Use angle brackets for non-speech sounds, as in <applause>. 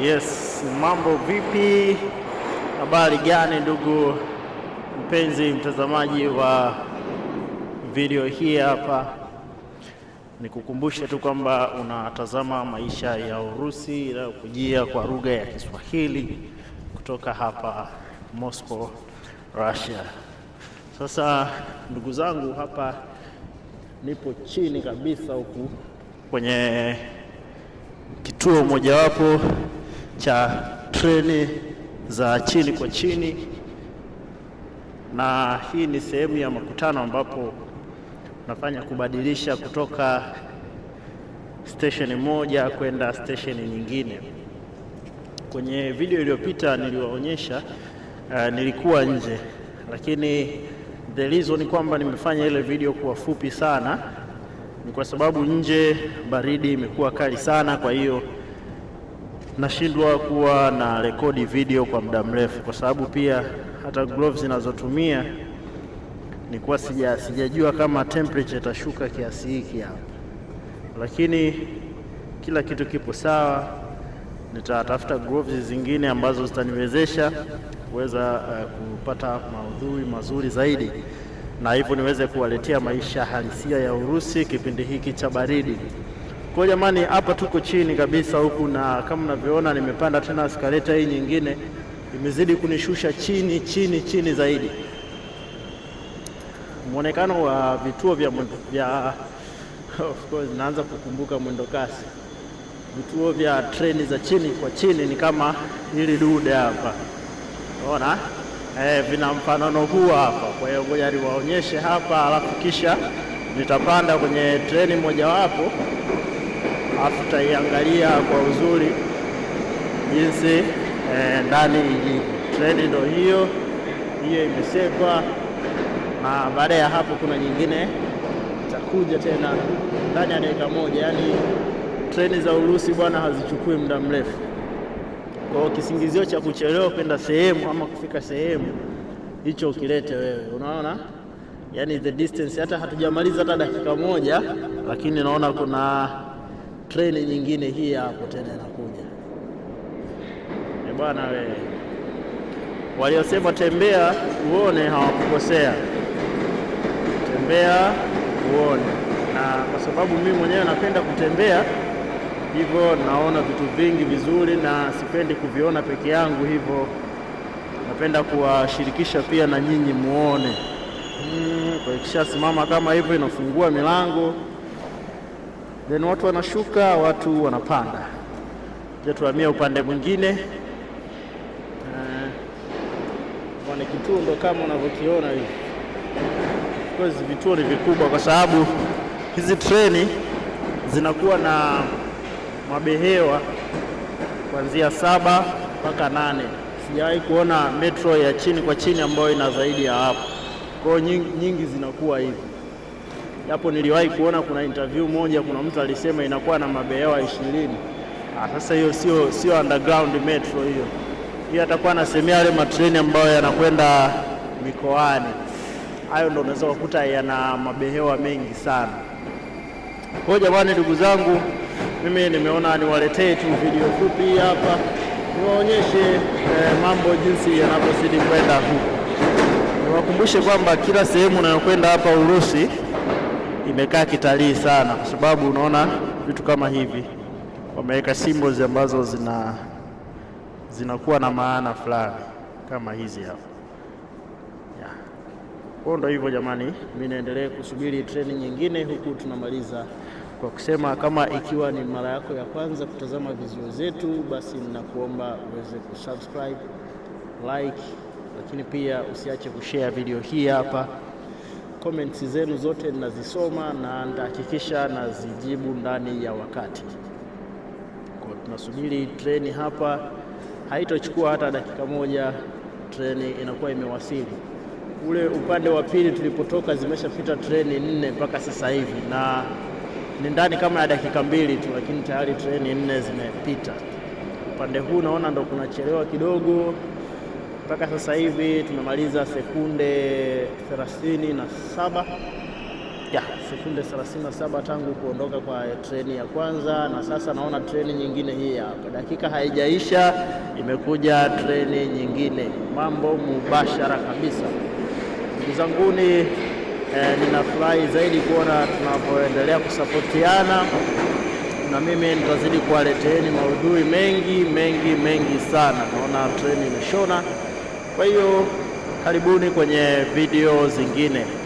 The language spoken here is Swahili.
Yes, mambo vipi? Habari gani ndugu mpenzi mtazamaji wa video hii hapa. Nikukumbushe tu kwamba unatazama maisha ya Urusi inayokujia kwa lugha ya Kiswahili kutoka hapa Moscow, Russia. Sasa ndugu zangu, hapa nipo chini kabisa huku kwenye kituo mojawapo cha treni za chini kwa chini, na hii ni sehemu ya makutano ambapo unafanya kubadilisha kutoka stesheni moja kwenda stesheni nyingine. Kwenye video iliyopita niliwaonyesha, uh, nilikuwa nje, lakini the reason kwamba nimefanya ile video kuwa fupi sana ni kwa sababu nje baridi imekuwa kali sana, kwa hiyo nashindwa kuwa na rekodi video kwa muda mrefu, kwa sababu pia hata gloves zinazotumia nilikuwa sija sijajua kama temperature itashuka kiasi hiki hapa, lakini kila kitu kipo sawa. Nitatafuta gloves zingine ambazo zitaniwezesha kuweza uh, kupata maudhui mazuri zaidi na hivyo niweze kuwaletea maisha halisia ya Urusi kipindi hiki cha baridi. Kwa jamani, hapa tuko chini kabisa huku, na kama mnavyoona nimepanda tena skaleta hii nyingine, imezidi kunishusha chini chini chini zaidi. Mwonekano wa vituo vya, vya <laughs> of course naanza kukumbuka mwendo kasi, vituo vya treni za chini kwa chini ni kama hili dude hapa, unaona eh, vina mfanano huu hapa. Kwa hiyo ngoja niwaonyeshe hapa, alafu kisha nitapanda kwenye treni mojawapo afu kwa uzuri jinsi eh, ndani ilivyo. Treni ndo hiyo hiyo, imesekwa na baada ya hapo kuna nyingine itakuja tena ndani ya dakika moja. Yani treni za Urusi bwana hazichukui muda mrefu. Kwa kisingizio cha kuchelewa kwenda sehemu ama kufika sehemu hicho ukilete wewe, unaona yani the distance, hata hatujamaliza hata dakika moja, lakini naona kuna treni nyingine hii hapo tena inakuja. E bwana we, waliosema tembea uone hawakukosea, tembea uone. Na kwa sababu mimi mwenyewe napenda kutembea hivyo, naona vitu vingi vizuri na sipendi kuviona peke yangu, hivyo napenda kuwashirikisha pia na nyinyi muone. Hmm, kwa ikishasimama kama hivyo inafungua milango then watu wanashuka, watu wanapanda. Je, tuhamia upande mwingine. Eh, ni kituo ndo kama unavyokiona hivi. Because vituo ni vikubwa, kwa sababu hizi treni zinakuwa na mabehewa kuanzia saba mpaka nane. Sijawahi kuona metro ya chini kwa chini ambayo ina zaidi ya hapo. Kwa hiyo nyingi, nyingi zinakuwa hivi japo niliwahi kuona kuna interview moja, kuna mtu alisema inakuwa na mabehewa ishirini. Ah, sasa hiyo sio sio underground metro hiyo, hiyo atakuwa anasemea yale matreni ambayo yanakwenda mikoani. Hayo ndio unaweza kukuta yana mabehewa mengi sana. Kwa jamani, ndugu zangu, mimi nimeona niwaletee tu video fupi hapa niwaonyeshe eh, mambo jinsi yanavyozidi kwenda huko. Niwakumbushe kwamba kila sehemu unayokwenda hapa Urusi imekaa kitalii sana, kwa sababu unaona vitu kama hivi wameweka symbols ambazo zina zinakuwa na maana fulani kama hizi hapa ko ndo hivyo jamani, mimi naendelea kusubiri treni nyingine, huku tunamaliza kwa kusema kama ikiwa ni mara yako ya kwanza kutazama video zetu, basi ninakuomba uweze kusubscribe, like, lakini pia usiache kushare video hii hapa comments zenu zote ninazisoma na nitahakikisha nazijibu ndani ya wakati. Kwa tunasubiri treni hapa, haitochukua hata dakika moja, treni inakuwa imewasili. Ule upande wa pili tulipotoka zimeshapita treni nne mpaka sasa hivi, na ni ndani kama ya dakika mbili tu, lakini tayari treni nne zimepita. Upande huu naona ndo kunachelewa kidogo. Mpaka sasa hivi tumemaliza sekunde 37 ya sekunde 37 tangu kuondoka kwa treni ya kwanza, na sasa naona treni nyingine hii hapa, dakika haijaisha imekuja treni nyingine. Mambo mubashara kabisa, ndugu zanguni, eh, ninafurahi zaidi kuona tunapoendelea kusapotiana na mimi nitazidi kuwaleteeni maudhui mengi mengi mengi sana. Naona treni imeshona. Kwa hiyo karibuni kwenye video zingine.